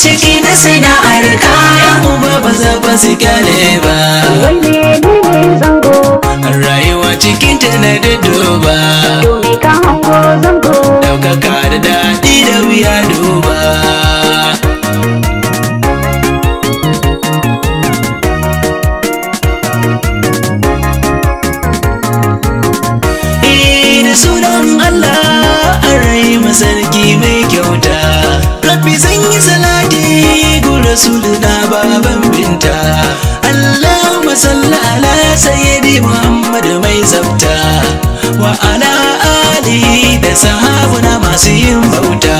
ciki na sana'ar ka kuma ba za ba su kyale ba rayuwa cikin ta na duba daukaka da daɗi da wuya duba kai zan yi salati gu rasulina baban binta Allahumma salli ala sayyidi Muhammad mai zabta wa ala ali da sahabuna masu yin bauta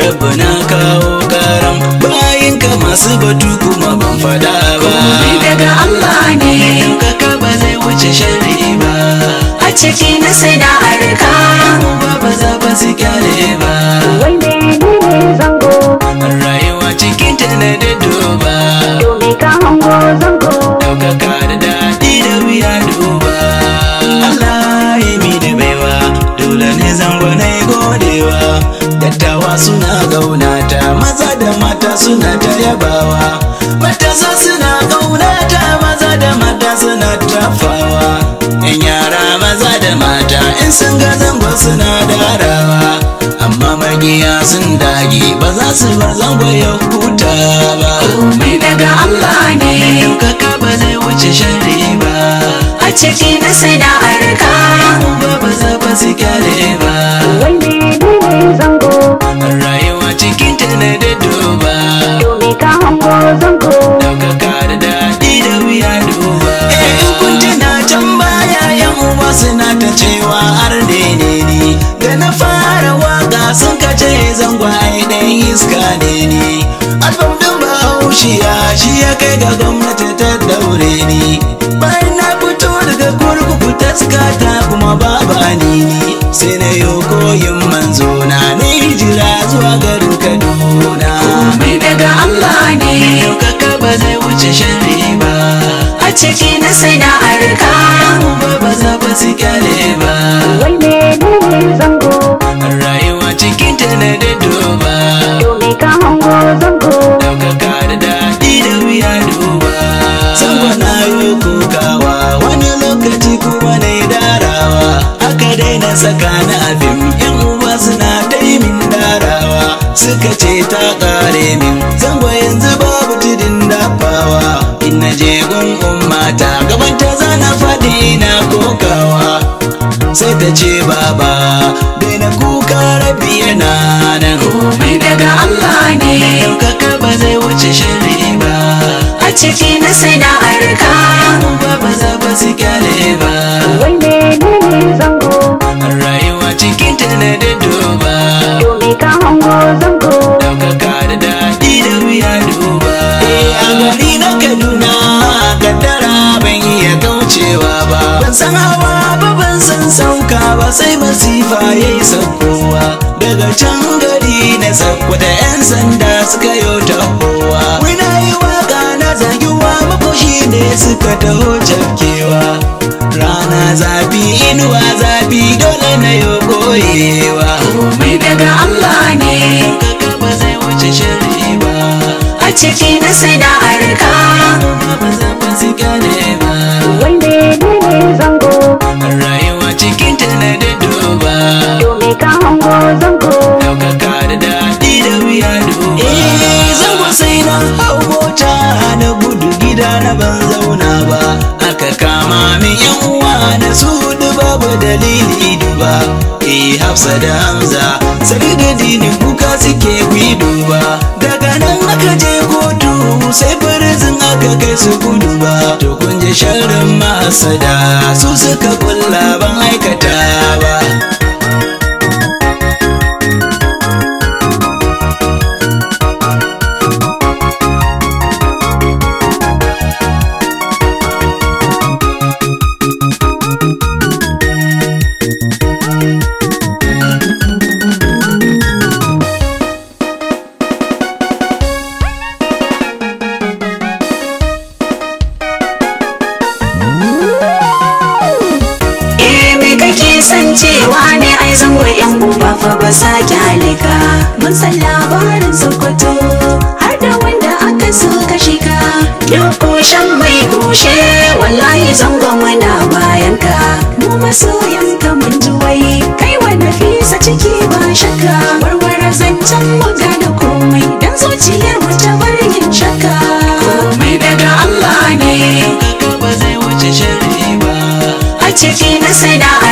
rabbana kawo karam ka masu batu kuma ban fada ba daga Allah ne ka ba zai wuce shari ba a ciki na sai da arka ba ba za ba su ba dattawa suna gaunata maza da mata suna ta yabawa matasa suna gaunata maza da mata suna tafawa yan yara maza da mata in sun ga zango suna darawa amma magiya sun baza ba za su bar zango ya huta ba komai daga Allah ne kaka ba zai wuce shari ba a ciki na sana'ar ka ba ba za ba su ba zuciya shi ya kai ga gwamnati ta daure ni bayan na fito daga kurkuku taskata kuma babu anini sai na yo koyin manzo na ni jira zuwa garin kaduna komai daga allah ne yaukaka ba zai wuce shiri ba a ciki na sai na arka saka abin yan uwa suna dai min darawa suka ce ta kare min zango yanzu babu tudin dafawa in na je gun ummata gaban ta zana faɗi na kokawa sai ta ce baba dai na kuka rabi yana nan komai daga Allah ne ɗaukaka ba zai wuce shiri ba a ciki na sai na arka san hawa babban san sauka ba sai masifa ya yi sakowa daga can gari na sakwa da 'yan sanda suka yi tahowa wina yi waka na zagiwa makoshi ne suka taho jabkewa rana zafi inuwa zafi dole na yi koyewa komai daga Allah ne kaka ba zai wuce shiri ba a ciki na sai da arka gida na ban zauna ba aka kama min yan uwa na su babu dalili duba E! hafsa da hamza sai da dini kuka suke wi duba daga nan aka je kotu sai farazin aka kai su gudu ba to kun je sharrin mahasada su suka kulla ban aikata sun ne ne ai zango yan uba fa ba sa kyalika mun san labarin sokoto har da wanda aka so ka shiga yau shan mai goshe wallahi zango muna bayan ka mu masoyan ka mun ji wai kai wa nafisa ciki ba shakka warware zancen mu gane komai dan zuciyar mu ta bar yin shakka komai daga Allah ne ka ba zai wuce shari'a. ba a ciki na sana'a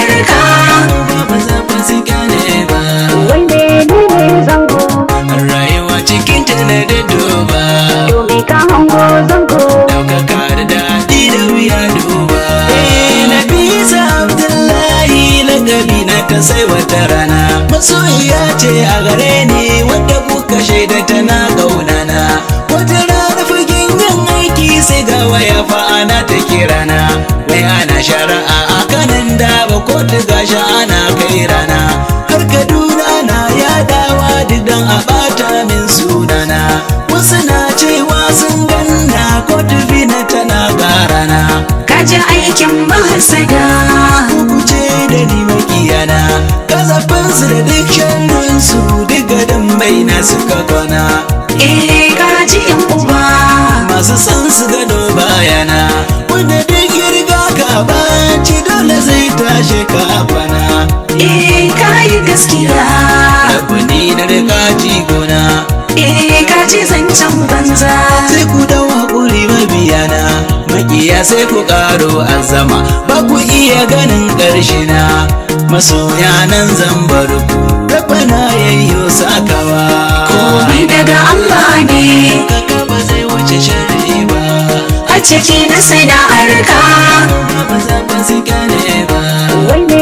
ce a gare ni wanda kuka shaida tana gaunana wata rana fagen yin aiki sai ga waya fa ana ta kirana wai ana shari'a a kanan da ba kotu gashi ana kai rana har kaduna na yadawa didan a bata min sunana wasu na cewa sun ganna kotu bina tana garana kaji aikin mahasada kuce da ni makiyana kazafin su da dukkan su duk gadon na suka kwana eh ka ji uba masu san su gano bayana wanda duk girga ka baci dole zai tashi ka bana eh yi gaskiya abu ne na riga jigona eh kaji zancen banza sai ku dau hakuri mabiyana makiya sai ku karo azama ba ku iya ganin ƙarshina masoya nan zan bar ku rabana yayyo sakawa komai daga Allah ne kaka ba zai wuce sharri ba a ciki na sai da arka ba za ba su gane ba